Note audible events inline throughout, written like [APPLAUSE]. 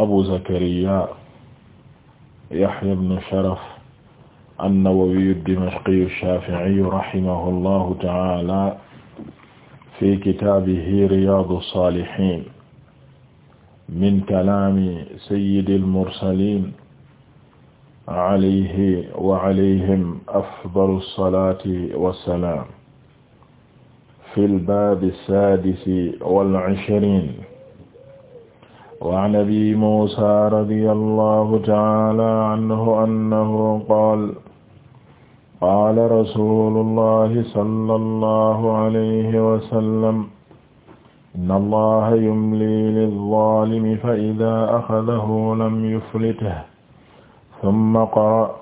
abu zakariya yahya ibn sharaf an-nawawi ad-dimashqi ash-shafi'i rahimahu allahu ta'ala fi kitaabihi riyaadu saalihiin min kalaami sayyidil mursaliin alayhi wa alayhim afdalu salaati wa salaam fil baabi saadisi wal ishriin waan abi muusa radiyallahu ta'ala anhu annahu qaala qaala rasuulullahi sallallahu alayhi wa sallam inna allaha yumli lizzaalimi fa idaa axadahu lam yuflithu summa qara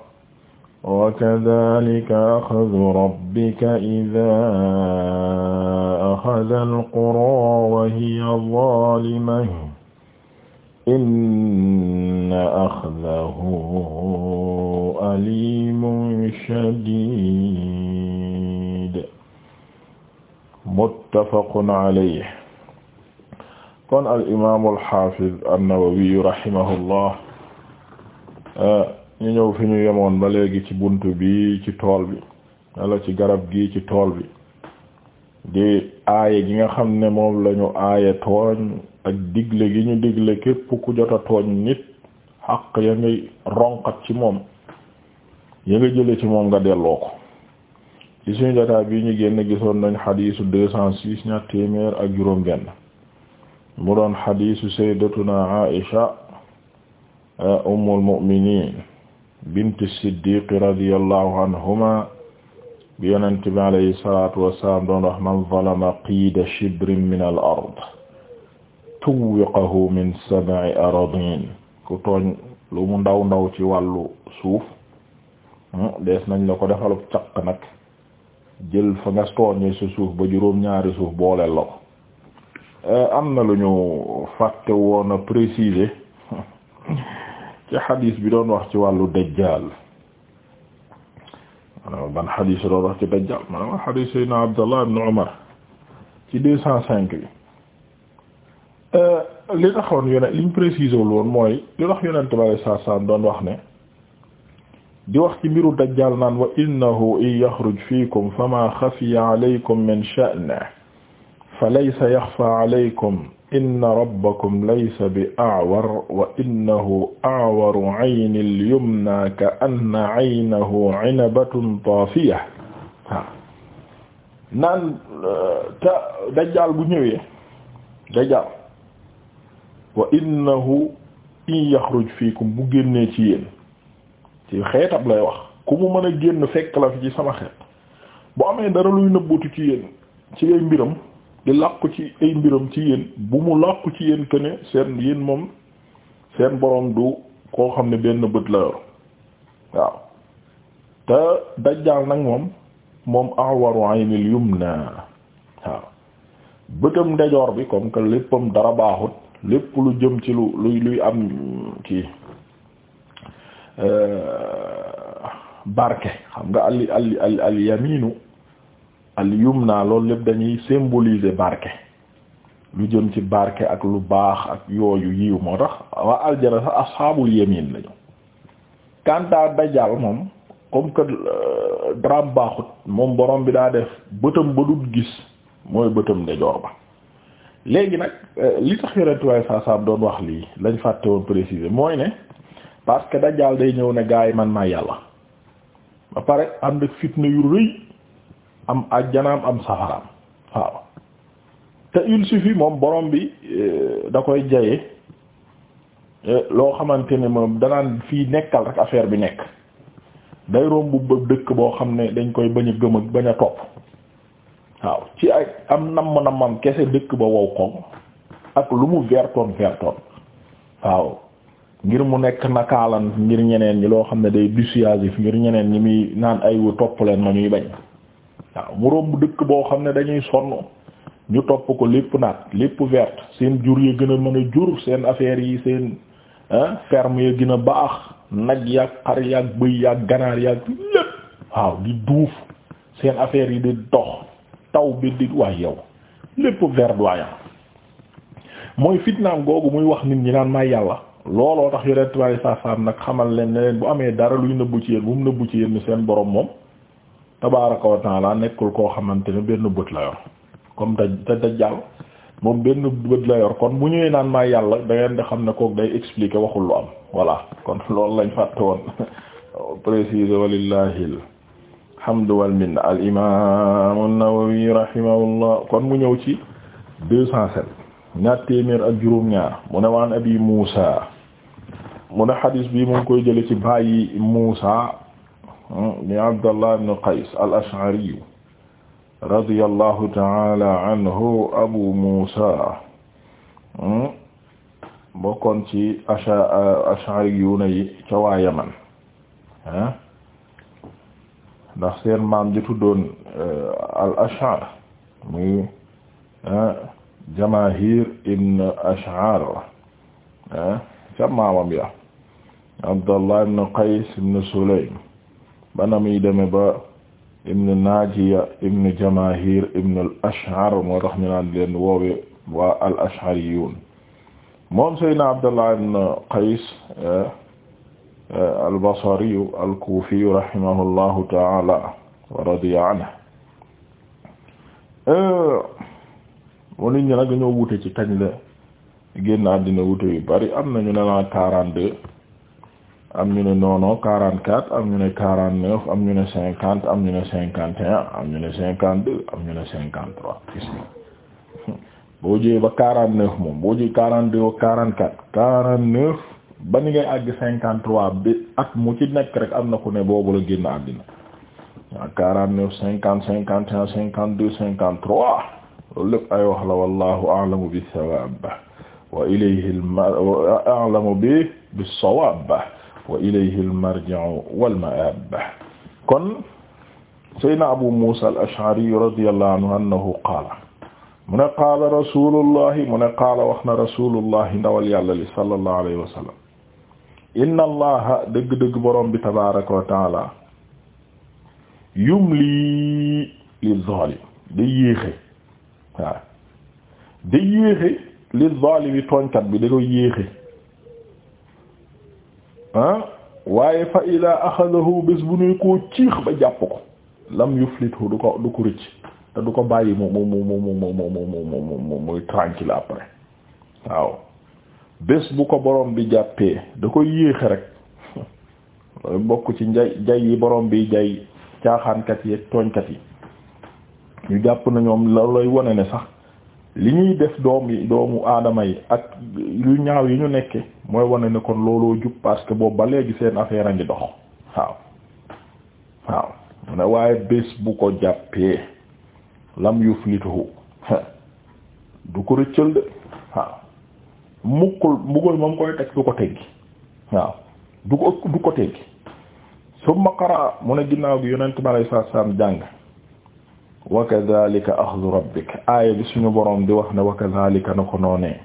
wa kadaalika axadu rabbika idaa axada alquraa wa hiya zaalimah inna axdahu alimun shadid muttafaqun alayhi kon alimamu alxafiz annawawiyu rahimahullah ñu ñëw fi ñu yemoon ba léegi ci bunt bi ci tool bi wala ci garab gi ci tool bi di aaya gi nga xam ne moom lañu aaya tooñ ak digle gi ñu digle képp ku jot a tooñ nit xaq ya ronkat ci moom ya nga ci moom nga delloo ko ci suñu bi ñu génn gisoon nañ xadiisu deux cent six ak juróom benn mu doon xadiisu sayyidatuna Aisha ummul mu'minin bint siddiq radiyallahu anhuma bi yonent bi alayhi salatu shibrin min ard shuwiqahu min sab'i aradin ku tooñ lu mu ndaw ndaw ci wàllu suuf hmm, des nañ la ko defal caq nag jël fa nga tooñee sa suuf ba juróom ñaari suuf booleel la ko eh, am na lu ñu fàtte woon a préciser [LAUGHS] ci xadiis bi doon wax ci wàllu dajjal maanaam ban xadiis doon wax ci dajjal maanaam xadiis Seydina Abdallah ibn Umar ci cent cinq bi Euh, li taxoon yonent li ñu préciser wul mooy li tax yonent bi alayhi salaatu salaam wax ne di wax ci mbiru dajjaal naan wa in yaxruj fiikum fama xafiya alaykum min sha'nihi fa laysa yaxfa alaykum inna rabbakum laysa bi a'war wa innahu a'waru ayni al-yumna ka anna aynahu 'inabatun taafiya naan euh, bu wa innahu in yaxruj fiikum bu génnee ci yéen ci xeetab lay wax ku mu mën a génn fekk la fi ci sama xeet bu amee dara luy nëbbatu ci yéen ci ay mbiram di làqu ci ay mbiram ci yéen bu mu làqu ci yéen que seen yéen moom seen boroom du koo xam ne benn bët la yor waaw te dajjaal nag moom moom awaru aynil yumna waaw bëtam ndejoor bi comme que léppam dara baaxut lépp lu jëm ci lu luy luy am kii euh, barke xam nga al al al al yaminu al loolu lépp dañuy symboliser barke lu jëm ci barke ak lu baax ak yooyu yiw moo tax waa aljana sax ashabul yamin lañu kanta dajal moom comme que euh, dram baaxut moom borom bi daa def bëtam ba dut gis mooy bëtam ndejoor ba léegi nag euh, li tax yorentuwaay saa saam doon wax lii lañ fàtte woon préciser mooy ne parce que dajjaal day ñëw ne gaa yi man maa yàlla ba pare am na yu rëy am ajjanaam am safaraam waaw te il suffit moom borom bi euh, da koy jaye euh, loo xamante ni moom danaan fii nekkal rek affaire bi nekk day romb dëkk boo xam ne dañ koy bañ a gëm bañ a topp waaw ci ay am namm nammam kese dëkk ba wow koŋ ak lu mu vertoon vertoon waaw ngir mu nekk nakaalan ngir ñeneen ñi loo xam ne day dissuasif ngir ñeneen ñi muy naan ay wu topp leen ma ñuy bañ waaw mu romb dëkk boo xam ne dañuy sonn ñu topp ko lépp naat lépp vert seen jur yi gën a mën a jur seen affaires yi seen ferme yi gin a baax nag yaag xar yaag bëy yaag ganaar yaag lépp waaw di duuf seen affaires yi di dox taw bi di wax yow lépp verdoyant mooy fitnaam googu muy wax nit ñi naan may yàlla looloo tax yore tubaab saa saam nag xamal leen ne leen bu amee dara luy nëbbu ci yéen bu mu nëbbu ci yéen seen borom moom tabaaraka wa taala nekkul koo xamante ne benn bët la comme da da dajjal moom benn bët la yor kon bu ñëwee naan maa yàlla da ngeen di xam ne kooku day expliquer waxul lu am voilà kon [LAUGHS] loolu lañ fàtte woon [LAUGHS] préciser walillahil alhamdu wal minna al imaam an-Nawawi rahimahullah kon mu ñëw ci deux cent sept ñaar téeméer ak juróom-ñaar mu ne waan abi Muusa mu ne xadis bi mu ngi koy jële ci bàyyi Muusa ni hmm, Abdallah ibn Qays al-Ash'ari radiyallahu ta'ala anhu abu Muusa hmm, bokkoon ci Ash'ariyuuna yi ca waa Yaman ah ndax seen maam ji tuddoon eh, al ash'ar muy eh, jamaahir ibn ash'ar eh, ca maamam ya abdallah ibn qays ibn sulaym bana muy deme ba ibn najiya ibn jamaahir ibn al ash'ar moo tax ñu naan leen woowe waa al ash'ariyun moom seydna abdallah ibn qays albasariyu alkuufiyu rahimahullahu taala wa radiya anhu mu nit ñi nag dañoo wute ci kañ la génn àddina wute yu bari am na ñu ne la quarante deux am ñu ne noono quarante quatre am ñu ne quarante neuf am ñu ne cinquante am ñu ne cinquante un am trois boo jëyee ba quarante neuf moom boo jëyee quarante deux quarante quatre quarante neuf ba ni ngay àgg cinquante trois bi at mu ci nekk rek am na ku ne boobu la génn àddina waaw quarante neuf cinquante cinquante un cinquante deux cinquante trois loolu lépp ay wax la wallahu a'lamu bis-sawab wa ilayhi a'lamu bi bis-sawab wa ilayhi al-marji'u wal ma'ab kon sayyidina Abu Musa al-Ash'ari radiyallahu anhu annahu qaala mu ne qaala rasulullahi mu ne qaala wax na rasulullahi ndawal yàlla li sallallahu alayhi wa sallam inna allaha dëgg-dëgg borom bi tabaraka wa taala yumli li zalim day yéexe waaw day yéexe li zalimi tooñkat bi da koy yéexe ah waaye fa ila axadahu bés bu nuy koo ciix ba jàpp ko lam yuflithu du ko du ko rëcc te du ko bàyyi mu mu mu mu mu mu mu mu mu muy tranquille après waaw bés bu ko boroom bi jàppee da koy yéexe rek bokk ci njay jay yi borom bi jay caaxaankat yi ak tooñkat yi ñu jàpp na ñoom loolu lay wone ne sax li ñuy def doom yi doomu aadama yi ak yu ñaaw yi ñu nekke mooy wone ne kon looloo jub parce que boobu ba léegi seen affaire a ngi dox waaw waaw mu ne waaye bés bu ko jàppee lam yuflituhu [LAUGHS] du ko rëccal de mukkul mbugal moom koy teg du ko teggi waaw du ko du ko teggi summa qara mu ne ginnaaw gi yonent bi alayhi salaatu salaam jàng wa kadhalika akhdhu rabbik aaya bi suñu boroom di wax ne wa kadhalika na ko noonee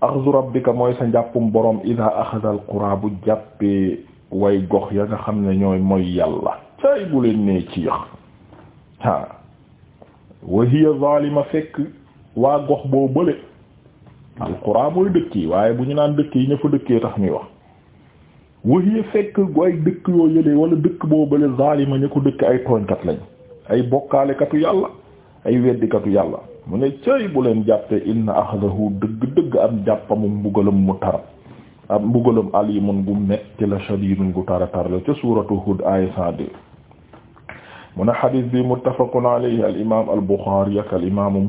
akhdhu rabbika mooy sa njàppum boroom idha akhadha al bu jàppee way gox ya nga xam ne ñooy moy yàlla cay bu leen nee ci yax ha wa fekk waa gox boo bële alqura mooy dëkk yi waaye bu ñu naan dëkk yi ña fa dëkkee tax ñuy wax waxye fekk ay dëkk yoo yëlee wala dëkk boo bële zalima ña ko dëkk ay tooñkat lañ ay bokkaalekatu yàlla ay weddikatu yàlla mu ne cëy bu leen jàppee inna axadahu dëgg-dëgg am jàppamu mbugalam mu tar am mbugalam alimun gu metti la shadidun gu tara tar la ca suuratu hud aya 102 mu ne xadis bi muttafaqun alayhi al imam al buxaari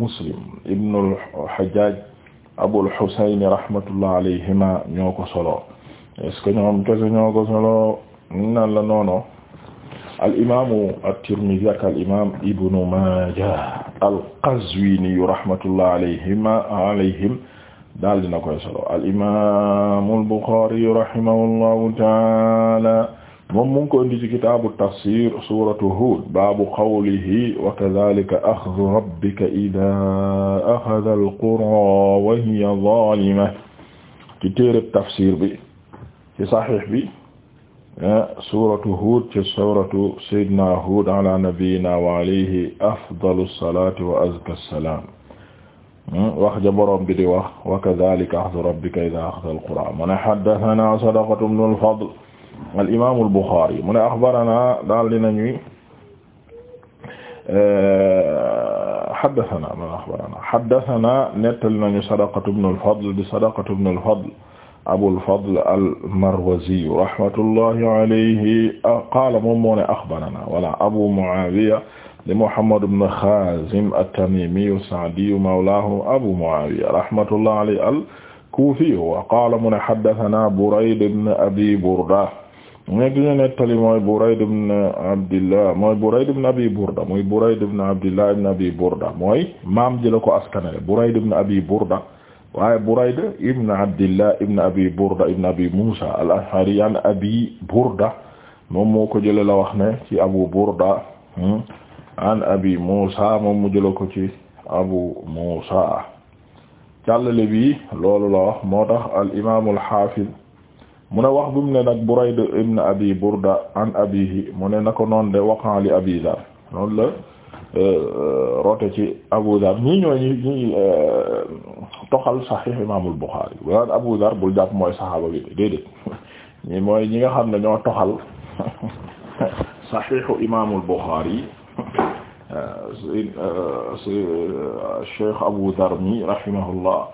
muslim ibnu al Abul Husayn rahmatullah alayhima ñoo ko solo est-ce que ñoom kese ñoo ko solo nan la noono al imaamu at-Tirmidhi ak al imaam Ibnu Maaja al-Qazwini rahmatullah alayhima alayhim daal dina koy solo al imaamu al-Bukhari rahimahullahu ta'ala moom mu ngi ko indi ci kitaabu tafsir suratu Hud baabu qawlihi wa kadhalika akhdhu rabbika idha akhadha al-qura wa hiya zalima ci téereb tafsir bi ci sahih bi ah, suratu Hud ci suratu sayyidina Hud ala nabiyyina wa alayhi afdalu as-salati wa azka as-salam hmm, wax ja boroom bi di wax wa kadhalika akhdhu rabbika idha akhadha al-qura man haddathana sadaqatu ibn al-fadl al imaamu al Buxaari mu ne axbarana daal di nañuy eh, xaddasanaa man axbaranaa xaddasanaa nettali nañu sadaqatu bnu al-Fadl di sadaqatu bnu al-Fadl Abul Fadl al-Marwazi rahmatullahi alayhi ah, qaala moom moo ne axbaranaa wala Abu Mu'aawiya di Muhammad ibn Xaazim at-Tamiimi as-Sa'di mawlaahu Abu Mu'aawiya rahmatullahi alayhi al-Kuufi wa qaala mu ne xaddasanaa Burayd ibn Abi Burda mais ki ñu nettali mooy Burayd ibn Abdillah mooy Burayd ibn Abi Burda mooy Burayd ibn Abi Burda mooy maam jël la ko askanale Burayd ibn Abi Burda waaye Burayd ibn Abdillah ibn Abi Burda ibn Abi Musa al an Abi Burda moom moo ko jële la wax ne ci Abu Burda hmm, an Abi Musa moom mu jël ko ci Abu Musa bi loolu la wax moo tax al-Imam al-Hafiz mun ne wax bi mu ne nag Burayd ibn Abi Burda an abihi mu ne na ko noon de waqan li Abi Dhar noonu la euh, rote ci Abu Dhar ñii ñoo ñi ñi euh, toxal Sahih Imaamul Bukhari wala Abu Dhar bul jàpp mooy saxaaba bi déedéet [LAUGHS] ñi mooy ñi nga xam ne ñoo toxal [LAUGHS] Sahih Imaamul Bukhari euh, Cheikh Abu Dhar mi rahimahullah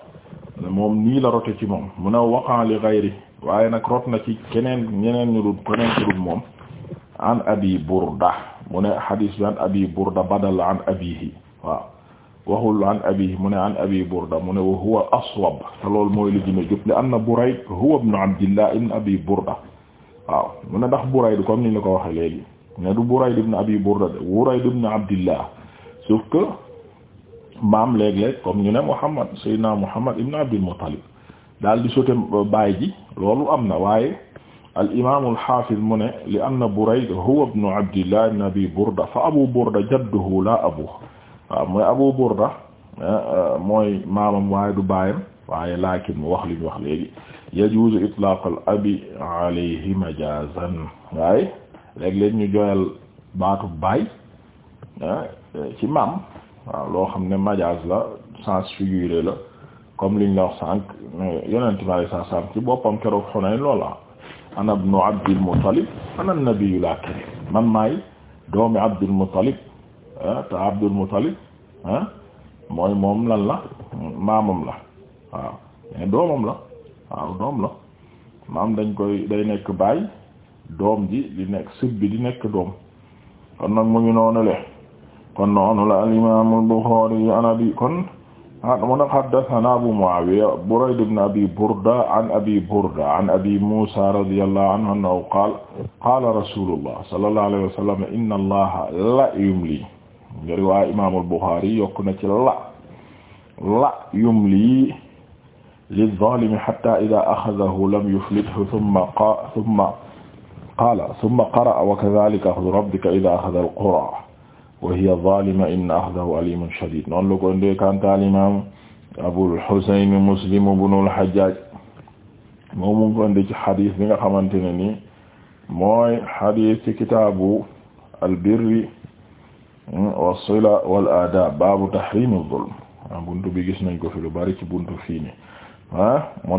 moom nii la rote ci moom mu ne waqan li ghayri waaye nag rot na ci keneen ñeneen ñu dul keneen ñu dul moom an abi burda mu ne hadis bi an abi burda badal an abihi waaw mu ne an abi burda mu ne wa huwa aswab te mooy li gën a jub li anna burayd huwa ibn abdillah ibn abi burda waaw mu ne ndax burayd comme ni ñu ko waxee léegi ne du burayd ibn abi burda de burayd ibn abdillah sauf que maam léeg-léeg comme ñu ne muhammad sayyidina muhammad ibn abdul muttalib daal di sote baay ji loolu am na waaye al imaam al haafiz mu ne li anna Burayd huwa ibnu Abdillah ibn Abi Burda fa Abu Burda jadduhu la abuhu mooy Abu Burda eh, eh, mooy maamam waaye du baayam waaye laakin mu wax li ñu wax léegi yajuuzu itlaaq al abi majaazan waaye léeg-léeg ñu jooyal baatu baay eh, ci maam loo xam ne majaaz la sens figuré la comme liñ la wax sànq yonent saa ci boppam keroog Hunayn loola ana ibnu Abdil Muttalib ana nabiyyu laa kadhib man maay doomi Abdul Muttalib ah, te Abdul Muttalib ah, mooy moom lan la maamam la waaw mais doomam la waaw doom la maam dañ koy day nekk baay doom ji di nekk sët bi di nekk doom kon nag mu ngi noonu le kon noonu la al imaamul Buxaari ana bi kon. Ah, mu ne haddathana Abu Muawiya Burayd ibn Abi Burda an Abi Burda an Abi Musa radiyallahu anhu annahu qaala qaala rasulullah sallallahu alayhi wa sallam inna allaha la yumli riwaaya Imaam al-Bukhari yokk na ci la la yumli liz-zaalimi hatta idha akhadhahu lam yuflithu thumma qaala thumma qara'a wa kadhalika akhdhu rabbika idha akhadha al-qura wa a zaalima inna axdahu aliimun shadiid noonu la ko indee kanta al-imaam Abul Husayn Muslim ibnul Hajjaaj nga xamante ne nii mooy xadis ci kitaabu albirri wassila wal aadaab bi gis nañ ko fi lu bari ci buntu fii nii ah mu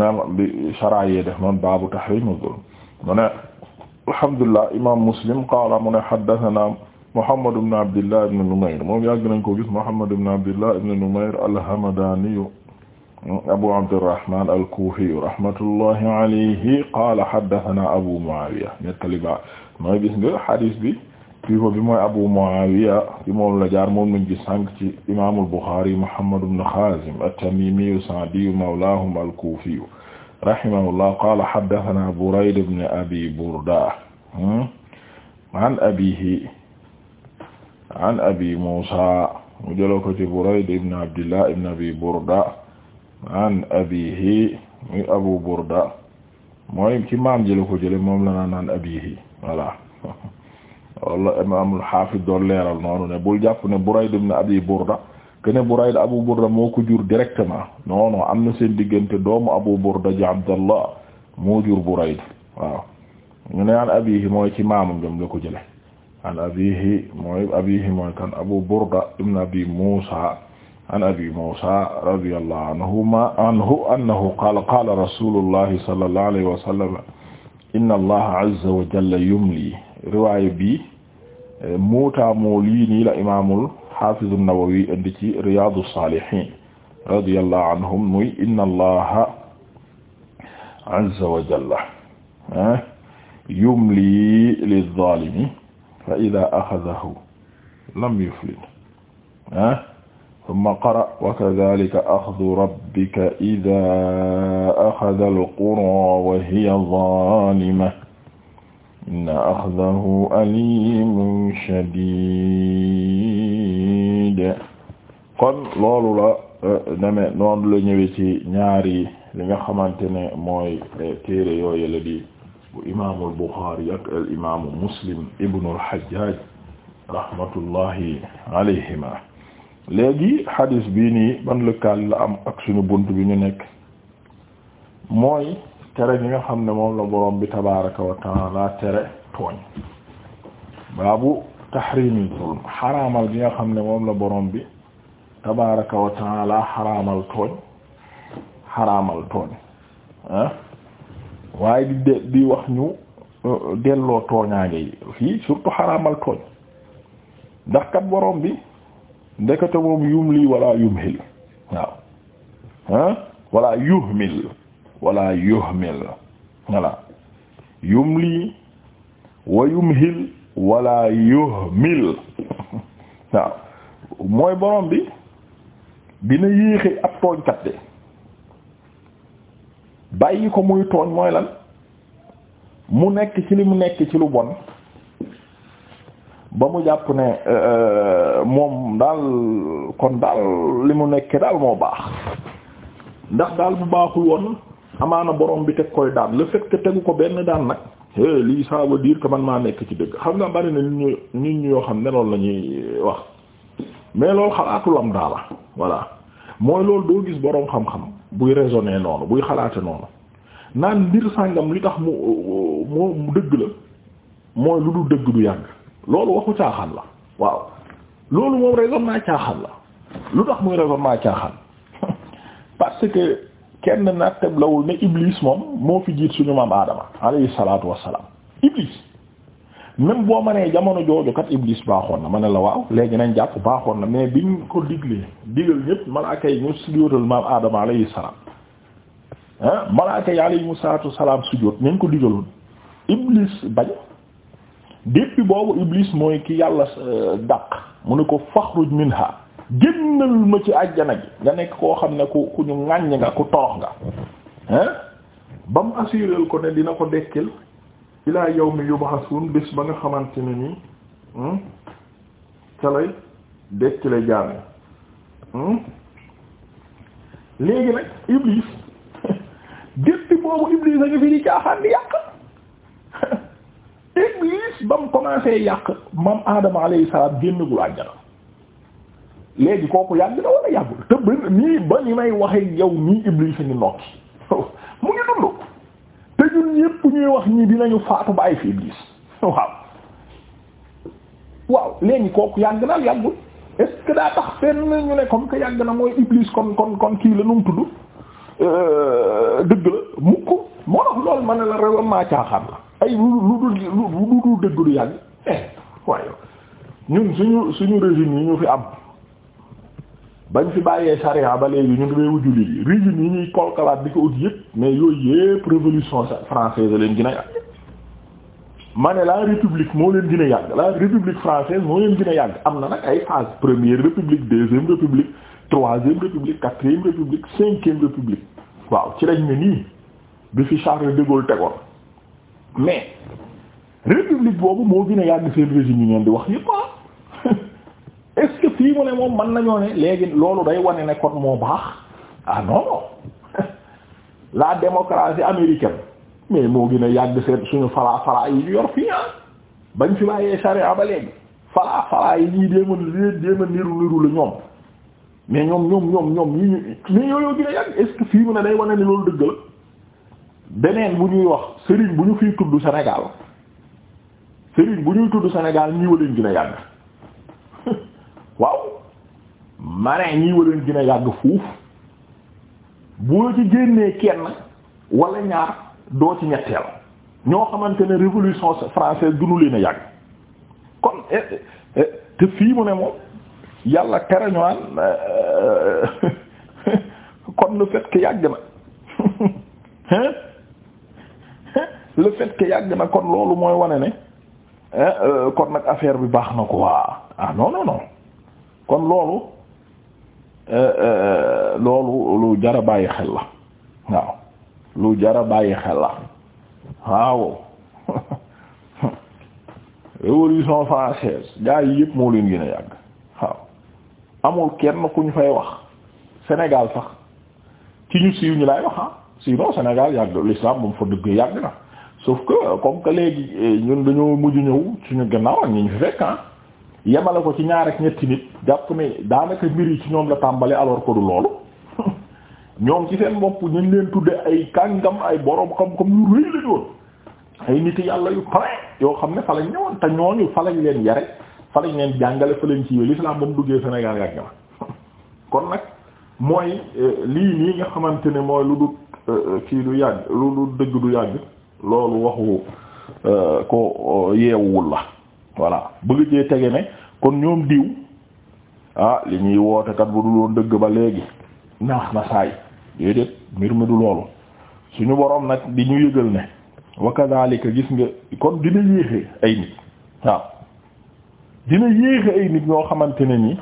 alhamdulillah imaam Muslim qaala mu ne haddasanaa Muhammad ibn Abdillah ibn Numayr moom yàgg nañ ko gis Muhammad ibn Abdillah ibn Numayr al-Hamadaniyu Abu Abdurrahman al-Kufiyu rahmatullahi alayhi qaala haddathana Abu Muawiya nettali ba mooy gis nga hadis bi fii ko bi mooy Abu Muawiya ci moom la jaar moom lañ gis sànq ci imaamul Bukhari Muhammad ibn Khazim at-Tamimiyu as-Sa'diyu mawlaahum al-Kufiyu rahimahullah qaala haddathana Burayd ibn Abi Burda hmm, an abiihi an abi Muusa mu jëloo ko ci Burayd ibn Abdillah ibn Abi Burda Abu Burda mooy ci maam jëloo ko jële moom la naan an abihi voilà walla leeral noonu ne bul jàpp ne Burayd ibn Abi Burda ke ne Burayd Abu Burda moo ko jur directement non non am na seen diggante doomu Abu Burda ji Abdallah moo jur Burayd waaw ñu ne an abihi mooy ci maamam jëm la ko jële an abihi mooy abihi mooy kan abu burda ibn abi musa an abi musa radiyallahu anhuma anhu annahu qala qala rasulullahi sallallahu alayhi wa sallam inna allaha azza wa jalla yumli riwaaya bi muutaamoo lii nii la imaamul hafiz an-nawawi indi ci riyadu salihin radiyallahu anhum muy inna allaha azza wa jalla ah, yumli lil zalimi fa ida axadahu lam yuflit ah tumma qara wa kadalika axdu rabbika ida axada alqura wa hiya zaalima inna axdahu alimun shadiid kon loolu la deme eh, noonu la ñëwee ci ñaari li nga xamante ne mooy eh, téere yooyu la di bu imaamul Buxaari ak al imaamu Muslim ibnul Hajjaaj rahmatullahi alayhima léegi hadis bii nii ban lëkkaal la am ak suñu bunt bi ñu nekk mooy tere gi nga xam ne moom la borom bi tabaaraka wa taala tere tooñ baabu taxriimi zulm xaraamal gi nga xam ne moom la borom bi tabaaraka wa taala xaraamal tooñ xaraamal tooñ ah waaye di de di wax ñu euh, delloo tooñaange yi fii surtout xaraamal tooñ ndax kat borom bi ndekete moom yum lii wala yumhil waaw ah wala yuhmil wala yuhmil yum lii wa yumhil wala yuhmil [LAUGHS] waaw mooy boroom bi dina yéexe ab tooñkat de bàyyi ko muy tooñ mooy lan mu nekk ci li mu nekk ci lu bon ba mu jàpp ne euh, euh, moom daal kon daal li mu nekkee daal moo baax ndax daal bu baaxul woon amaana borom bi teg koy daan le fait tegu ko benn daan nag eh lii ça veut dire man maa nekk ci dëgg xam nga bari na nit ñu nit yoo xam ne loolu la ñuy wax mais loolu xalaatu lam daala voilà mooy loolu doo gis borom xam-xam. buy raisonner noonu buy xalaate noonu naan mbir sàngam li tax mu mu dëgg la mooy lu du dëgg du yàgg loolu waxu caaxaan la waaw loolu moom raisonnement caaxaan la lu tax muy raisonnement caaxaan [LAUGHS] parce que kenn nattab lawul ne Iblis moom moo fi jiit suñu maam Adama alayhi salaatu wassalaam Iblis même boo ma nee jamono jooju kat Iblis baaxoon na ma ne la waaw léegi nañ jàpp baaxoon na mais bi ñu ko diglee digal ñëpp malaaka yi ñu sujjóotal maam Adama alayhi salaam ah malaaka yi alayhi saatu salaam sujjóot nañ ko digaloon Iblis bañ depuis boobu Iblis mooy ki yàlla euh, dàq mu ne ko faxruj minha génnal ma ci àjjana gi nga nekk koo xam ne ku ku ñu ŋàññ nga ku toox nga ah ba mu assuré ko ne dina ko dekkil. ilaa yawmi yub'asun bés ba nga xamante ne ni hmm, ca lay dekkile jaam yi hmm? léegi nag iblis gétti [LAUGHS] boobu iblis a ngi fi di caaxaan di yàq [LAUGHS] iblis ba mu commencé yàq mam aadama alayhi salaam génnagul àjjana léegi kooku yàgg na wala yàggul te nii ba ni may waxe yow nii iblis a ngi nokki [LAUGHS] mu ngi dund yépp ñuy wax ñi dinañu faatu bàyyi fi Iblis waaw waaw léegi kooku yàgg na yàggul est daa tax fenn ñu ne comme que yàgg na mooy Iblis kon kon kii la nu mu tudd euh, dëgg la mukk moo tax loolu ma ne la raisonnement caaxaan la ay lu lu lu lu dul dëgg du yàgg eh waaye ñun suñu suñu régime yi ñu fi am. bañ fi bàyyee charia ba léegi ñun réewu jullit yi régime yi ñuy kolkalaat di ko ut yëpp mais yooyu yëpp révolution française leen gën a yàgg ma ne la république moo leen gën a yàgg la république française moo leen gën a yàgg am na nag ay phase première république deuxième république troisième république quatrième république cinquième république waaw ci lañ ne nii bi fi Charles de Gaulle tegoon mais république boobu moo gën a yàgg seen régime yi ngeen di wax yëpp ah [LAUGHS] est-ce que fii mu ne moom mën nañoo ne léegi loolu day wane ne kon moo baax ah non [LAUGHS] la démocratie américaine mais moo gën a yàgg seen suñu falaa falaa yi ñu yor fii ah bañ fi bàyyee charia ba léegi falaa falaa yi ñii déema déema niru niru la ñoom mais ñoom ñoom ñoom ñoom yi ñu mais yooyoo gën yàgg est-ce fii mu ne day wane ne loolu dëgg la beneen bu ñuy wax sëriñ bu ñu fiy tudd Sénégal sëriñ bu ñuy tudd senegal ñii waleen gën yàgg [LAUGHS] waaw marin ñii waleen gën yàgg fuuf boo ci génnee kenn walla ñaar doo ci ñetteel ñoo xamante ne révolution française dunu leen a yàgg kon eh, eh, eh, te fii mu ne moom yàlla tere ñu [LAUGHS] kon le fait que yàgg na [LAUGHS] le fait que yàgg na kon loolu mooy wane ne kon nag affaire bi baax na quoi ah non non kon loolu euh, euh, loolu lu jara bàyyi xel la waaw lu jara bàyyi xel la waaw [LAUGHS] révolution française gaa yi yëpp moo leen gën a yàgg waaw amul kenn ku ñu fay wax Sénégal sax ci ñu siiw ñu lay wax ah sinon Sénégal yàgg l'islam moom fa dëgg yàgg na sauf que comme que léegi eh, ñun dañoo mujj ñëw suñu gannaaw ak ñi ñu fi fekk ah yemale ko ci ñaar ak ñetti nit jàpp ne daanaka mbir yi ci ñoom la tàmbali alors ko du loolu ñoom ci seen bopp ñu leen tudde ay kàngam ay borom xam-xam yu rëy la doon ay nit yàlla yu pare yoo xam ne fa lañ ñëwoon te ñooñu fa lañ leen yare fa lañ leen jàngale fa lañ ci l'islam ba mu duggee Sénégal yàgg na kon nag mooy euh, lii nii nga xamante ne mooy lu du euh, kii du yàgg lu du dëgg du yàgg loolu waxu euh, ko yeewuwul la. voilà bëgg cee tege ne kon ñoom diw ah li ñuy woote kat bu dul woon dëgg ba léegi naax na saay déedéet mbir mi du loolu suñu boroom nag li ñu yëgal ne wa kadhalika gis nga kon dina yéexe ay nit waaw dina yéexe ay nit ñoo xamante ne ni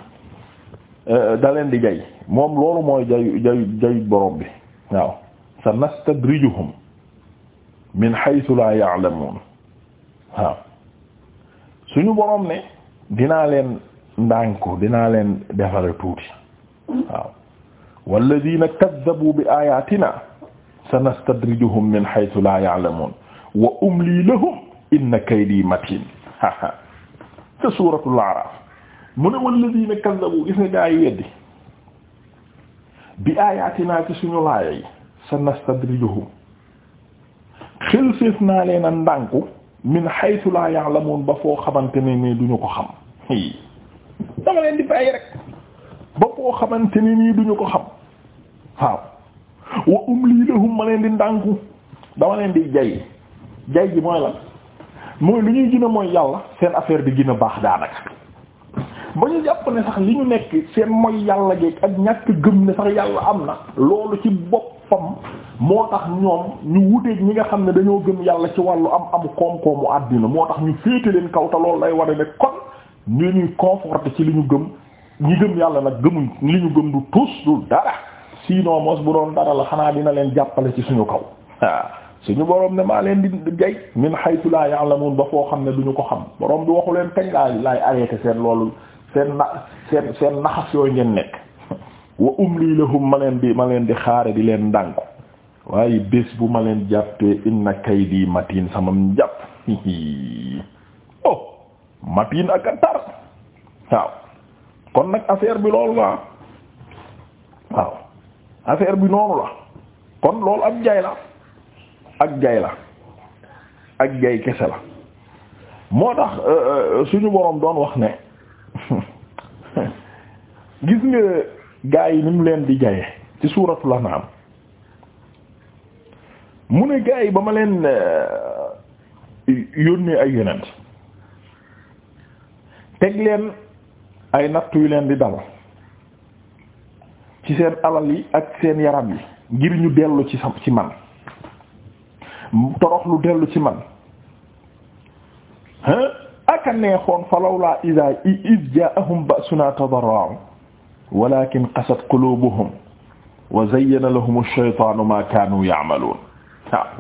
euh, da leen di jay moom loolu mooy jayu jayu boroom bi waaw sa nastadrijuhum min haythu la ya'lamun waaw suñu borom ne dinaa leen ndànku dinaa leen defare tuuti waaw walladina kaddabu bi ayatina sanastadrijuhum min haythu la ya'lamun wa umli lahum inna kaydi matin te suratul araf mu ne walladina kaddabu gis nga gaa yi weddi bi ayatina ci suñu laaya yi sanastadrijuhum xel séef naa leen a ndànku min haythu la ya'lamun ba foo xamante ne nii duñu ko xam dama leen di bàyyi rek ba foo xamante ne nii duñu ko xam waaw wa umli lahum ma leen di ndànku dama leen di jay jay ji mooy la mooy li ñuy gën mooy yàlla seen affaire di gën a baax daanaka ba ñu jàpp ne sax li ñu nekk seen mooy yàlla geeg ak ñàkk gëm ne sax yàlla am na loolu ci bopp boppam moo tax ñoom ñu wuteeg ñi nga xam ne dañoo gëm yàlla ci wàllu am amu koom-koomu àddina moo tax ñu féete leen kaw te loolu lay ware ne kon ñu ñuy ci li ñu gëm ñi gëm yàlla nag gëmuñ li ñu gëm du tus du dara sinon mos bu doon dara la xanaa dina leen jàppale ci suñu kaw suñu borom ne maa leen di jay min haythu la ya'lamun ba foo xam ne duñu ko xam borom bi waxu leen kañ laay laay arrêté seen loolu seen na seen seen naxas yooyu ngeen wa umli lahum ma leen di ma leen di xaare di leen ndànk waaye bés bu ma leen jàppee inna kaydi matin sama njàpp [LAUGHS] oh matin ak a tar waaw kon nag affaire bi loolu la waaw affaire bi noonu la kon loolu ak jay la ak jay la ak jay kese la moo tax euh, euh, suñu boroom doon wax ne [LAUGHS] gis nga gaa yi ni mu leen di jaye ci suuratul An'am mu ne gaa yi ba ma leen eh, yónnee ay yonent teg leen ay nattu yu leen di dal ci seen alal yi ak seen yaram yi ngir ñu dellu ci ci man torox lu dellu ci man ha aka neexoon fa lawlaa idaa iz jaa'ahum ba'sunaa tadarra'u walakin qasat qulubuhum wa zayyana lahum ash-shaytaanu maa kaanu ya'maluun waaw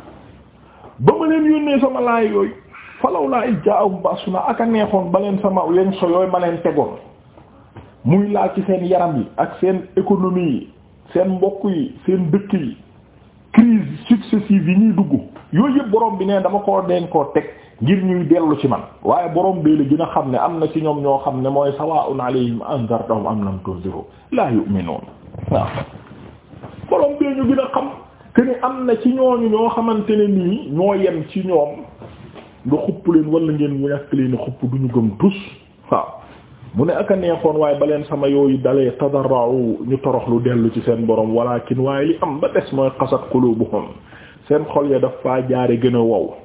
ba ma leen yónnee sama laay yooyu falawlaa iz jaa'ahum ba'sunaa ak a neexoon ba leen sama leen so yooyu ma leen tegoon muy laal ci seen yaram yi ak seen économie yi seen mbokk yi seen dëkk yi crise successive yi ñuy dugg yooyu yëpp borom bi ne dama koo den koo teg ngir ñuy dellu ci man waaye borom bee la gën a xam ne am na ci ñoom ñoo xam ne mooy sawaa'un alayhim anzartahum am lam tunziru laa yu'minuun waaw borom bee ñu gën a xam que am na ci ñooñu ñoo xamante ne nii ñoo yem ci ñoom nga xupp leen wala ngeen ñàkk leen xupp duñu gëm tus waaw. mu ne ak a neexoon waaye ba leen sama yooyu dalee tadarra'u ñu torox lu dellu ci seen borom walakin waaye li am ba des mooy qasat qulubuhum seen xol ya daf jaare gën a wow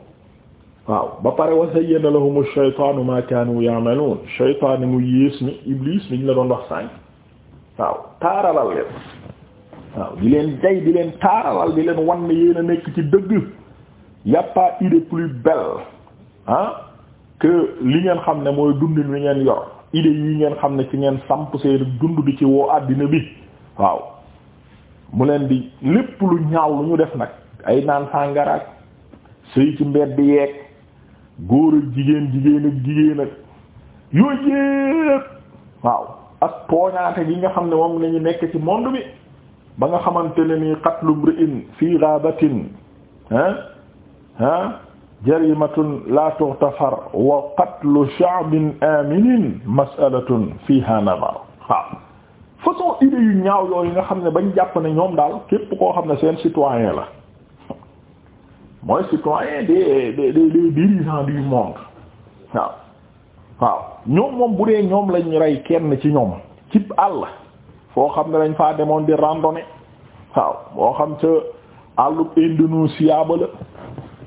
waaw ba pare wa zayyana lahum ash-shaytaanu maa kaanu ya'maluun shaytaan mu yées mi Iblis mi ñu la doon wax sànq waaw taaralal leen waaw di leen jay di leen taaralal di leen wan ne nekk ci dëgg y a plus belle ah li ngeen xam ne mooy dundin wi ngeen yor idée yi ngeen xam ne ci ngeen samp seen dund di ci woo àddina bi waaw mu leen di lépp lu ñaaw lu ñu def nag ay naan sàngaraak sëy ci mbedd yeeg. góor ak jigéen jigéen ak jigéen ak yooyu yépp waaw ak tooñaate gi nga xam ne moom lañu nekk ci monde bi ba nga xamante ne ni qatlu mri'in fii ghabatin ah ah jarimatun la tughfar wa qatlu sha'bin aminin mas'alatun fiha nazar waaw façon idée yu ñaaw yooyu nga xam ne bañ jàpp ne ñoom daal képp koo xam ne seen citoyen la mooy citoyen des des des dirigeants du monde waaw waaw ñoom moom bu dee ñoom lañ rey kenn ci ñoom cib àll foo xam ne dañ faa demoon di randonnée waaw moo xam ca àllub Indonésie ba la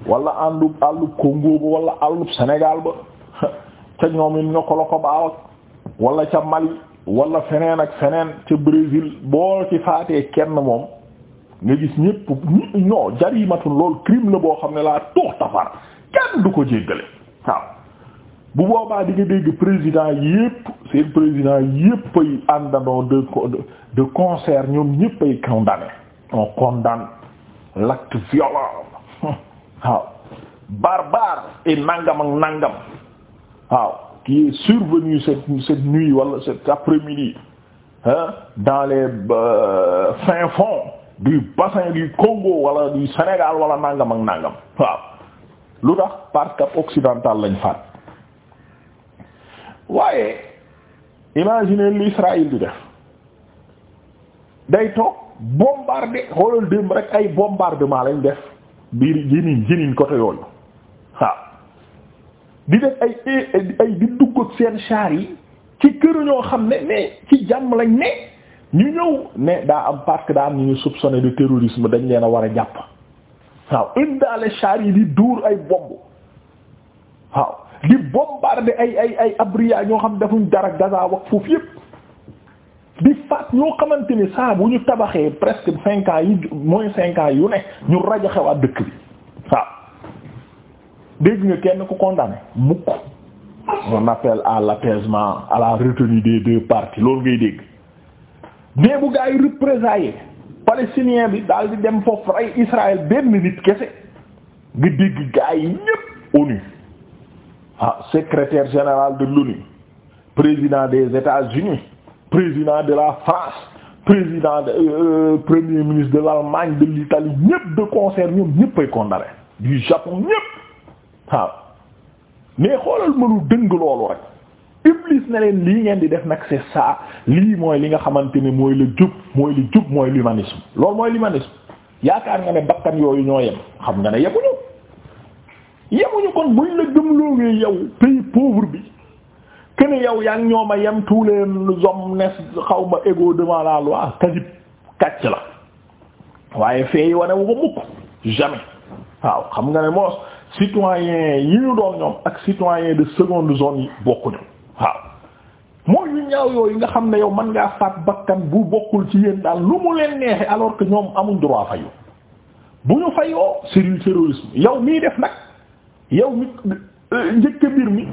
wala àllub àllub Congo ba wala àllub Sénégal ba [LAUGHS] ca ñoom it ñokka la ko baaw ak wala ca Mali wala feneen ak feneen ca Brésil boo ci faatee kenn moom nga gis ñëpp non jarimatun lool crime la boo xam ne laa tuux tafar kenn du ko jéggale waaw bu boobaa di nga dégg président yépp seen président yépp ay àndandoo de de concert ñoom ñépp ay condamné on condamne l'acte violent [LAUGHS] waaw barbare et nangam ak nangam waaw qui est survenu cette nuit wala cet après-midi hein dans les euh, fins fonds du bassin du Congo wala du Sénégal wala nangam ak nangam waaw lu tax parce que occidental lañ faat waaye imaginez lu Israël di def day toog bombardé xoolal démb rek ay bombardement lañ def biir jinin jinin côté yooyu waaw di def ay di dugg ak seen char yi ci kër ñoo xam ne mais ci jàmm lañ ne. ñu ñëw ne daa am parce que daa am ñu soupçonné de terrorisme dañ leen a war a jàpp waaw indaale char yi di duur ay bomb waaw di bombarder ay ay ay abria ñoo xam defuñ dara Gaza wax foofu yépp di faat ñoo xamante ni saa bu ñu tabaxee presque cinq ans yi moins cinq ans yu ne ñu rajo xewaat dëkk bi waaw dégg nga kenn ku condamné mukk on appelle à l'apaisement à la retenue des deux loolu ngay dégg mais bu gaa yi représaillé palestinien bi daal di dem foofu rey Israël benn nit kese nga dégg gaa yi ñépp ONU ah secrétaire général de l'ONU président des États-Unis président de la France président de euh, euh, premier ministre de l'Allemagne de l'Italie ñépp de concert ñoom ñépp ay condamné du Japon ñépp waaw ah. mais xoolal mënu dëng loolu rek iblis ne lii ngeen di def nag c'est ça lii mooy li nga xamante ni mooy la jub mooy li jub mooy li l'humanisme loolu mooy l'humanisme yaakaar nga ne bakkan yooyu ñoo yem xam nga ne yemuñu yemuñu kon buñ la gëmloo ngee yow pays pauvre bi que ne yaa ngi yem tous les hommes ne xaw ma égaux devant la loi la waaye feeyi wane wu ko mukk jamais waaw xam nga ne moos citoyen yi ñu doon ñoom ak citoyen de seconde zone yi bokkuñu waaw mooy yu ñaaw yooyu nga xam ne yow mën ngaa faat bakkan bu bokkul ci yéen daal lu mu leen neexe alors que ñoom amuñ droit fayu bu ñu fayoo séril terrorisme yow mii def nag yow mi euh, njëkk mbir mi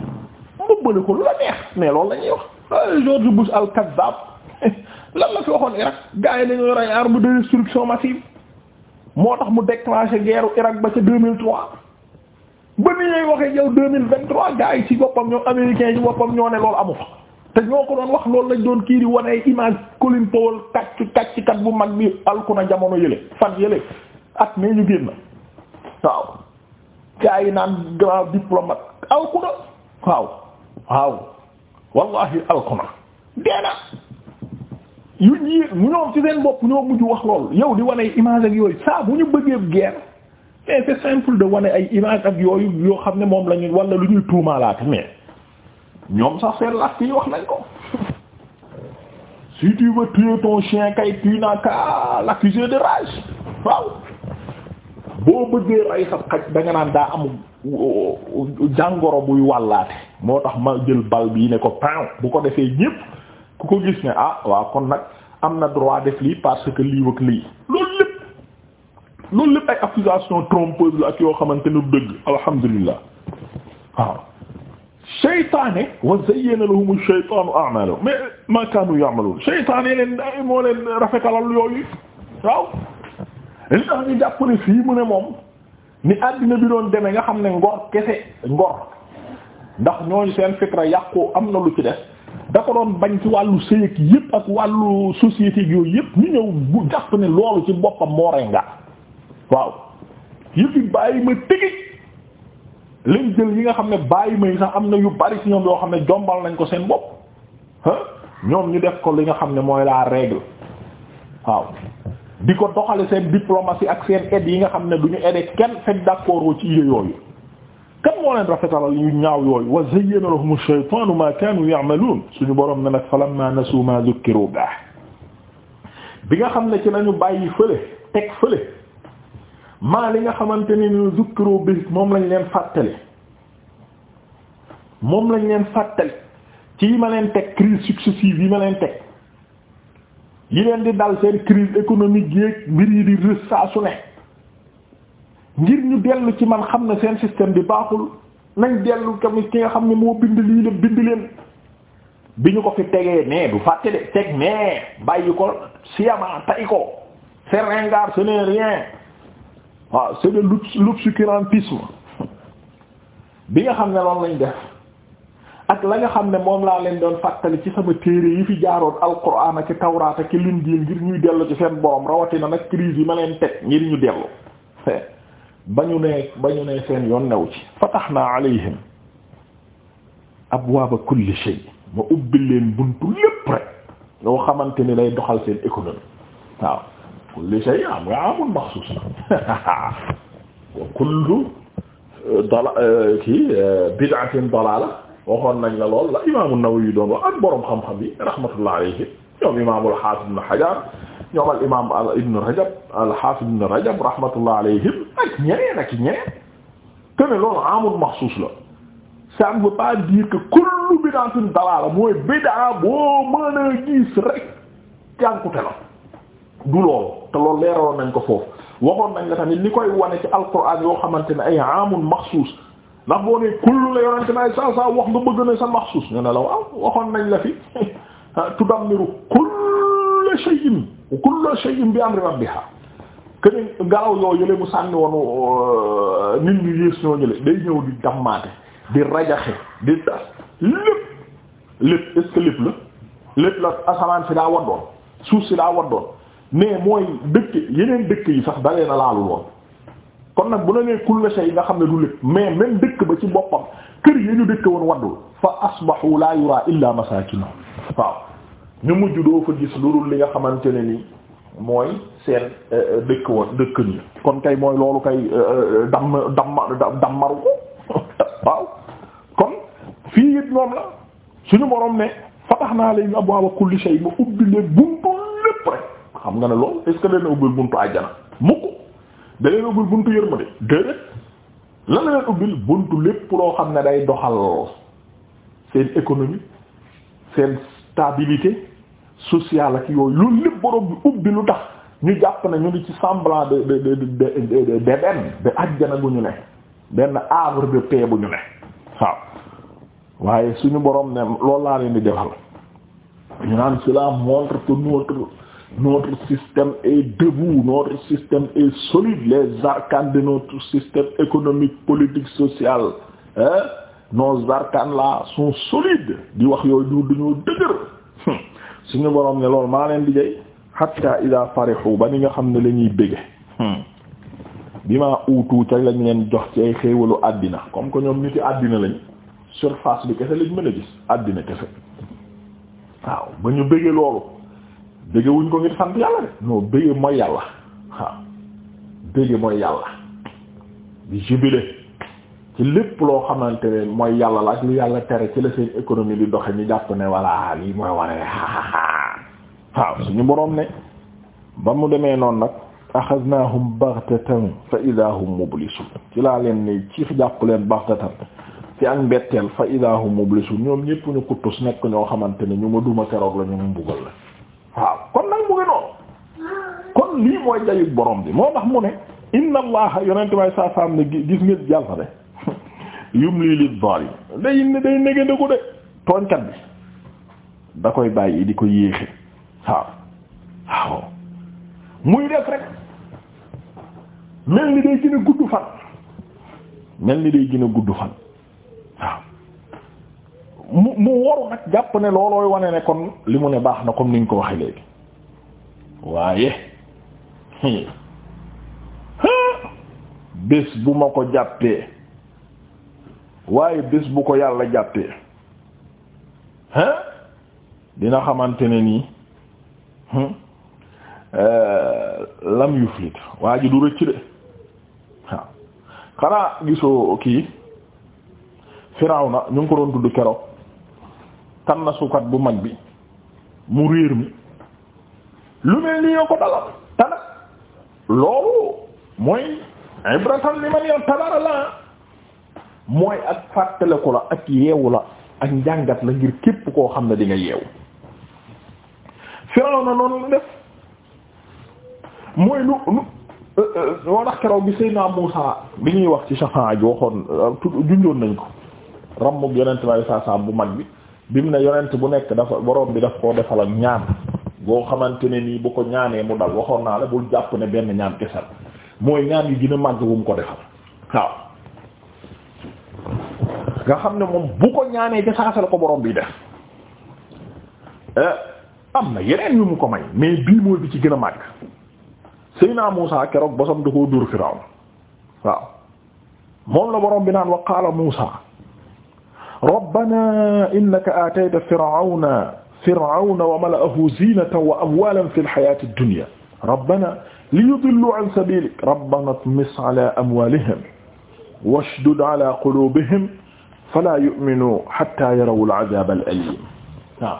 mbubbale ko lu la neex mais loolu la ñuy wax euh, George Bush al-Kazzab [LAUGHS] lan la fi waxoon Irak gars yi dañoo rey arme de destruction massive moo tax mu déclenché guerre Irak ba ca 2003 ba ni ñuy waxee yow deux mille vingt trois gars yi ci boppam ñoom américains yi boppam ñoo ne loolu amu fa te ñoo ko doon wax loolu lañ doon kii di wane ay image Colin Powell kàcc kàcc kat bu mag bi alkuna jamono yële fan yële at mee ñu génn waaw gars yi naan grand diplomate alkuna waaw waaw wallahi alkuna deena yu ñoom ci seen bopp ñoo mujj wax lool yow di wane ay image ak yooyu saa bu ñu bëggee guerre mais c'est simple de wane ay image ak yooyu yoo xam ne moom lañu wala lu ñuy tuumaalaate mais ñoom sax seen làkk yi wax nañ ko si tu veux tuer ton chien kay tu n'as qu'à l'accuser de rage waaw boo bëggee rey sa xaj da naan daa am euh, jàngoro buy wàllaate moo tax ma jël bal bii ne ko pan bu ko defee ñépp ku ko gis ne ah waaw kon nag am na droit def lii parce que lii ak lii loolu loolu lépp ay accusation trompeuse la ak yoo xamante ni du dëgg alhamdulillah waaw seytaane wa zayyana lahumu shaytaanu a'maalahum mais maa kaanu ya'maluun seytaane leen moo leen rafetalal yooyu waaw li tax ñu jàpp ne fii mu ne moom ni àddina bi doon demee nga xam ne ngor kese ngor ndax ñooñu seen fikra yàqu am na lu ci def da ko doon bañ ci wàllu sëyëg yépp ak wàllu société yooyu yépp ñu ñëw bu jàpp ne loolu ci boppam moo renga waaw yëfi bàyyi ma tigi lañ jël yi nga xam ne bàyyi ma yi sax am na yu bari ci ñoom yoo xam ne jombal nañ ko seen bopp ñoom ñu def ko li nga xam ne mooy la règle waaw di ko doxale seen diplomatie ak seen aide yi nga xam ne du ñu aide kenn fekk d'accord woo ci idée yooyu kan moo leen rafetalal yu ñaaw yooyu wa zayyana lahum ash-shaytanu ma kanu ya'malun suñu borom ne nag falamma nasu ma dhukkiru bi nga xam ne ci lañu bàyyi fële teg fële maa li nga xamante ni ñu zukkiru bi moom lañ leen fàttali moom lañ leen fàttali ci yi ma leen teg crise successive yi ma leen teg yi leen di dal seen crise économique yéeg mbir yi di rës saa su ne ngir ñu dellu ci man xam ne seen système bi baaxul nañ dellu tamit ki nga xam ni moo bind lii la bind leen bi ñu ko fi tegee mais du fàtte de teg mais bàyyi ko sciemment tay ko c'est ringard ce n'est rien waaw ah, c'est de l'obscurantisme bi nga xam ne loolu lañ def ak la nga xam ne moom laa leen doon fàttali ci sama téere yi fi jaaroon alquran ak tawraat ak gi ngir ñuy dellu ci seen borom rawatina nag crise yi ma leen teg ngir ñu dellu [LAUGHS] ba ne ba ne seen yoon new ci fatahnaa alayhim abwaaba kulli shay ma ubbi leen buntu lépp rek yoo xamante ni lay doxal seen économie waaw kulli shay am nga amul maxsuus la wa kullu euh, dala euh, kii euh, bid'atin dalaala waxoon nañ la lool la imaamu Nawawi doon wax ak borom xam-xam yi rahmatullah alayhi ñoom imaamul Haafiz ibn Hajar ñoom al imaam al ibn Rajab al Haafiz ibn Rajab rahmatullah alayhim ak ñeneen ak ñeneen que ne loolu amul maxsuus la ça ne veut pas dire que kullu bid'atin dalaala mooy bid'a boo mën a gis rek jànkute la du lool te loolu leeraloon nañ ko foofu waxoon nañ la tamit li koy wane ci alquran yoo xamante ne ay amul maxsuus ndax boo ne kullu la yonente ne ay saa saa wax nga bëgg na sa maxsuus ñu ne la waaw waxoon nañ la fi [LAUGHS] tudammiru kullu shay'in kullu shay'in bi amri rabbiha kene garaw yoo yële mu sànni woon euh, nit ñu yées ñoo ñële day ñëw di dammaate di rajaxe di tas lépp lépp est la lépp la asamaan si daa waddoon suuf si daa waddoon mais mooy dëkk yeneen dëkk yi sax dalee na laalul woon kon nag bu na nee kulla nga xam ne du lépp mais même dëkk ba ci boppam kër yi ñu dëkk woon waddul fa asbahu la yura illa masakina waaw ñu mujj doo fa gis lu dul li nga xamante ne ni mooy seen eh, eh, dëkk woon dëkk ni kon kay mooy loolu kay eh, damm damm dammaru ko [LAUGHS] waaw kon fii it moom la suñu borom ne fatax naa leen abwaaba kulli shay ma ubbi leen buntu lépp rek xam nga ne loolu est-ce que dana ubbil buntu àjjana mukk da leen ubbil buntu yërmande la leen lépp loo xam ne day doxal seen économie seen stabilité sociale ak yooyu loolu lépp borom ubbi lu tax ñu jàpp ne ñu ngi ci semblant de de de de de benn de àjjana gu ñu ne benn havre de paix bu ñu ne waaw waaye suñu borom ne loolu laa leen di defal ñu naan cela montre que notre notre système est debout notre système est solide les arcanes de notre système économique politique social hein nos arcanes là sont solides di wax yooyu du dañoo dëgër hmm. suñu borom ne loolu maa leen di jay hatta ida farihu ba ni nga xam ne la ñuy hmm. bi bima utu ca lañ leen jox ci ay xéewalu àddina comme que ñoom niti àddina lañ surface bi kese lañ mën a gis àddina kese waaw ba ñu bëgge loolu bëgge wuñ ko ngir sant yàlla de non bëgge mooy yàlla waaw bëgge mooy yàlla di jubile ci lépp loo xamante ne mooy yàlla la ak lu yàlla tere ci la seen économie di doxe ñu jàpp ne voilà lii mooy wane waaw suñu boroom ne ba mu demee noonu nag naa axadnaahum baghtatan fa idaa hum mublisun ci laa leen ne ci jàpp leen baghtatan ci ak mbetteel fa idaa hum mublisun ñoom ñépp ñu kuttus nekk ñoo xamante ne ñu ma duma keroog la ñu mu mbugal la waaw kon nag mu ngi noonu kon lii mooy jayu borom bi moo tax mu ne inna allaha yonente may saa saam ne gis ngeen jàll fa de yum lii lit bor day ne day négandiku de tooñkat bi da koy bàyyi di ko yéexe waaw waaw muy def rek mel ni day gën gudd fan mel ni day gën gudd fan waaw mu mu waru nag jàpp ne loolooy wane ne kon li mu ne baax na comme ni ñu ko waxee léegi waaye [LAUGHS] bés bu ma ko jàppee waaye bés bu ko yàlla jàppee hein [LAUGHS] dina xamante ne nii [LAUGHS] eh, lam yuflit waa ji du rëcc de waaw xanaa gisoo kii Firawna ñu ngi ko doon tudd keroog tànnasukat bu mag bi mu réer mi lu mel ni yoo ko dalal tana loolu mooy ibratan liman yantadara la mooy ak fàttaleku la ak yeewu la ak njàngat la ngir képp koo xam ne di nga yeewu Firawna noonu la def mooy lu lu moo euh, tax euh, keroog bi Seydina Muusaa bi ñuy wax ci safaan ji waxoon euh, junjoon nañ ko rammu yonent bi sallallahu alayhi wasallam bu mag bi bi mu ne yonent bu nekk dafa borom bi daf koo defal ak ñaan boo xamante ne nii bu ko ñaanee mu dal waxoon naa la bul jàpp ne benn ñaan kesal mooy ñaan yi gën a màgg bu mu ko defal waaw nga xam ne moom bu ko ñaanee ca saasal ko borom bi def eh, am na yeneen yu mu ko may mais bii mooy bi ci gën a màgg Seydina Muusa keroog bosam da koo dóor Firawna waaw moom la borom bi naan wa qaala Muusa rabbana innaka aatayta firawna firawna wa mala'ahu zinatan wa amwalan fi lxayati dunya rabbana liyudillu an sabilik rabbana tmis ala amwalihim washdud ala qulubihim fala yu'minu hatta yarawu al'azab al'alim waaw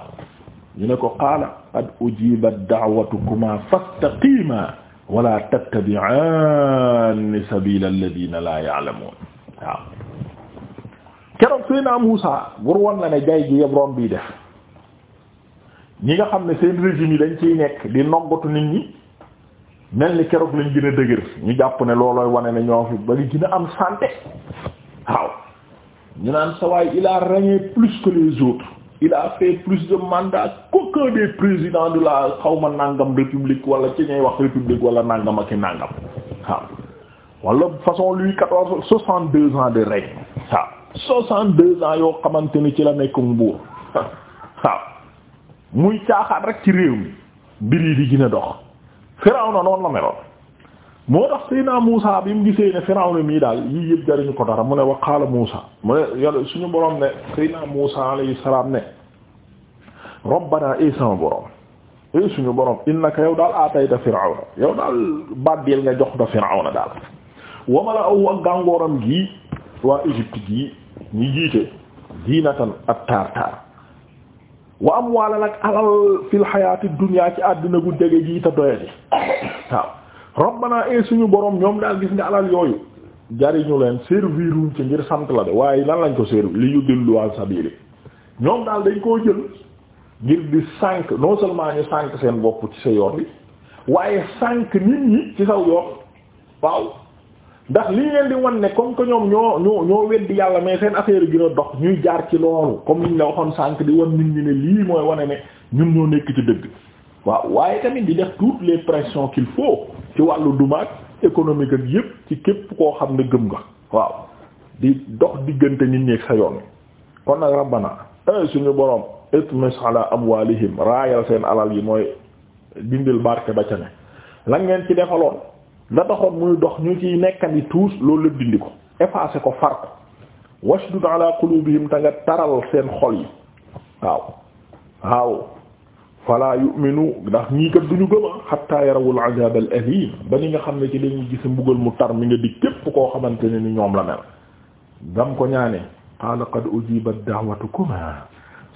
ñu ne ko qaala qad ujibat da'watukuma fastaqima wala tattabi'anni sabila alladhina la ya'lamun waaw keroog Seydina Muusa bur won la ne jay gi yëpp rom bii def ñi nga xam ne seen régime yi dañ ciy nekk di noggatu nit ñi mel ni keroog lañ gën a dëgër ñu jàpp ne loolooy wane ne ñoo fi ba li gën am santé waaw ñu naan sawaay waay il a régné plus que les autres il a fait plus de mandats qu'aucun des présidents de la xawma nàngam république wala ci ñuy wax république wala nàngam ak i nàngam waaw wala façon lui quatorze soixante deux ans de règne waaw soixante-deux ans yoo xamante ni ci la nekkum buur waaw muy caaxaan rek ci réew mi mbir yi di gën a dox Firawna noonu la meloon moo tax Seydina Muusa bi mu gisee ne Firawna mii daal yii yëpp jariñu ko dara mu ne wa qaala Muusa mu ne suñu borom ne Seydina Muusa alayhi salaam ne rabbana ee sama borom ee suñu borom innaka yow daal aatayta Firawna yow daal bàddeel nga jox Firawna daal wamala aw ak gàngooram gii waa Égypte gii ñi jiite diinatan ak taar taar wa am waala nag alal fil xayaati dunya ci àddina gu jege gii te doyati waaw rabbana ee suñu boroom ñoom daal gis nga alal yooyu jariñu leen serviruñ ci ngir sant la de waaye lan lañ ko servir li yu dillu an sabili ñoom daal dañ koo jël ngir di sànk non seulement ñu sànk seen bopp ci sa yoon bi waaye sànk nit ñi ci saw yoon waaw ndax lii leen di wan ne comme que ñoom ñoo ñoo ñoo weddi yàlla mais seen affaire gën dox ñuy jaar ci loolu comme niñ sànq di wan nit ñi ne lii mooy wane ne ñun ñoo nekk ci dëgg waaw waaye tamit di def toutes les pressions qu'il faut ci wàllu dumaag économique ak yépp ci képp koo xam ne gëm nga waaw di dox diggante nit ñeeg sa yoon kon nag rabbana ay eh, suñu borom itmis ala amwalihim raayal seen alal yi mooy dindil barke ba ca ne la ngeen ci defaloon la taxoon muy dox ñu ciy nekkandi tuus loolu la dindi ko effacé ko far ko washdud ala qulubihim ta nga taral seen xol yi waaw waaw fala yu'minu ndax ñii kat duñu gëm a ah hatta yarawul azab ba ni nga xam ne ci lañuy gis mbugal mu tar mi nga di képp koo xamante ne ni ñoom la mel dam ko ñaane qala qad ujibat da'watukuma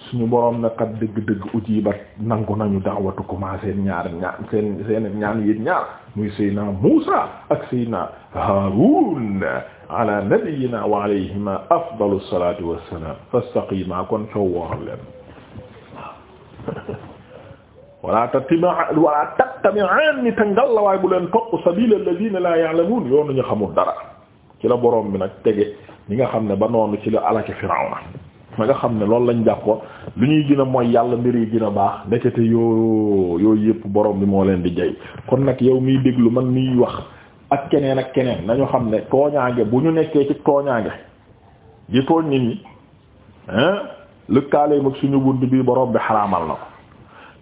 suñu boroom na kat dëgg-dëgg ujibat nangu nañu daawatukumaa seen ñaar ñaar seen seen ñaan yéen ñaar muy Seydina Muusa ak Seydina Haarun ala nabiyyina wa alayhima afdalu salaatu wassalaam fastaqima kon coow wooral leen wala tattima wala tattami'an ni te ngal la bu leen topp sabila alladhina la bi nag tege ñi nga xam ne ba noonu ci ma nga xam ne loolu lañ jàppoon li ñuy gën mooy yàlla mbir yi gën baax ndekete yoo yooyu yëpp borom bi moo leen di jay kon nag yow miy déglu man miy wax ak keneen ak keneen na nañu xam ne tooñaange bu ñu nekkee ci tooñaange di tooñ nit ñi hein lëkkaale mag suñu bunt bii boroom bi xaraamal na ko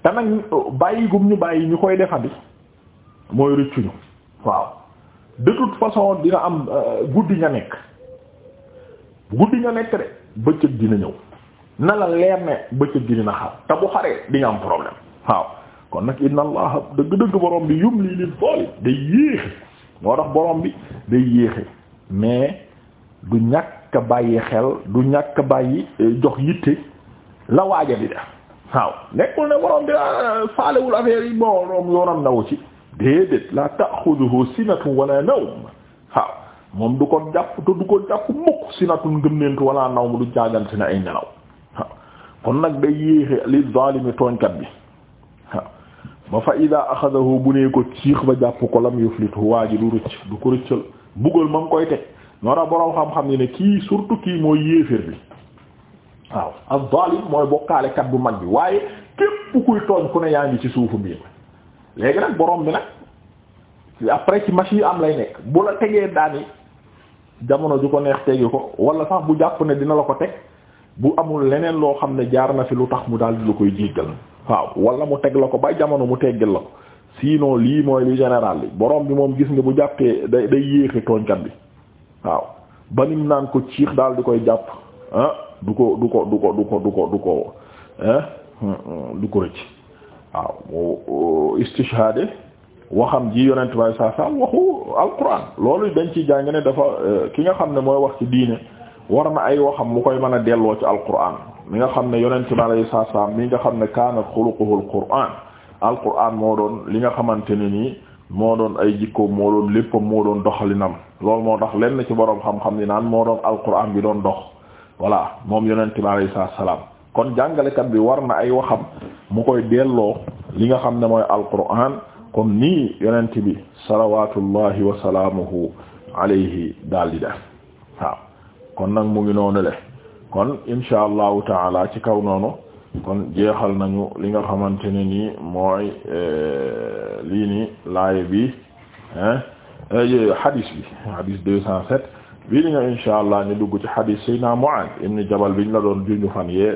te nag bàyyi gum ñu bàyyi ñu koy defandi mooy rëccuñu waaw de façon dina am euh, guddi nga nekk guddi nga nekk de bëccëg dina ñëw na la leer ne bëccëg gi dina xar te bu xaree di am problème waaw kon nag inna allah dëgg-dëgg borom bi yum lii lil zolim day yéexe moo tax borom bi day yéexe mais du ñàkk bàyyi xel du ñàkk bàyyi euh, jox yitte la waaja di def waaw nekkul ne borom bi euh, faalewul affaire yi yoonam naw ci déedéet la ta'xuduhu sinatun wala nawm waaw moom du ko jàpp te du ko jàpp mukk si natul ngëmnentu wala naw mu du jaagante na ay nelaw kon nag day yéexe li zalimi tooñkat bi ba fa ida axadahu bu nee ko ciix ba jàpp ko lam yuflitu waa ji du rëcc du ko rëccal buggal ma koy teg ñoo tax boroom xam-xam ni ne kii surtout kii mooy yéeféer bi waaw az-zalim mooy bokkaalekat bu mag bi waaye képp kuy tooñ ku ne yaa ngi ci suufu biir léegi nag borom bi nag après ci machine am lay nekk bu la jamono ju ko neex tegi ko wala sax bu jàpp ne dina la ko teg bu amul leneen loo xam ne jaar na fi lu tax mu daal di la koy jéggal waaw wala mu teg la ko ba jamono mu teggil la ko sinon lii mooy li général bi boroom bi moom gis nga bu jàppee day day yéexe tooñkat bi waaw banim naan ko ciix daal di koy jàpp ah du ko du ko du ko du ko du ko du ko ah du ko rëcc waaw mu uh, istishhade waxam ji yonent bi saa saa waxu alquran loolu dañ ciy jàng ne dafa euh, ki nga xam ne mooy wax ci diine war na ay waxam mu koy mën a delloo ci alquran mi nga xam ne yonent bi saa saa mi nga xam ne kaana xuluquhu alquran alquran moo doon li nga xamante ne nii moo doon ay jikkoom moo doon léppam moo doon doxalinam lool moo tax lenn ci boroom xam-xam ni naan moo doon alquran bi doon dox voilà moom yonent bi saa salaam kon jàngalekat bi war na ay waxam mu koy delloo li nga xam ne mooy alquran. comme nii yonent bi salawatullahi wa salaamuhu alayhi daal di kon nag mu ngi noonu le kon insha allahu taala ci kaw noonu kon jeexal nañu li nga xamante ne nii mooy eh, lii ni laaye bi eh, hadis bi hadis deux cent sept bii li nga insha allah ni dugg ci hadis sayna Mu'aaz ibn Jabal biñ la doon juñu fan yee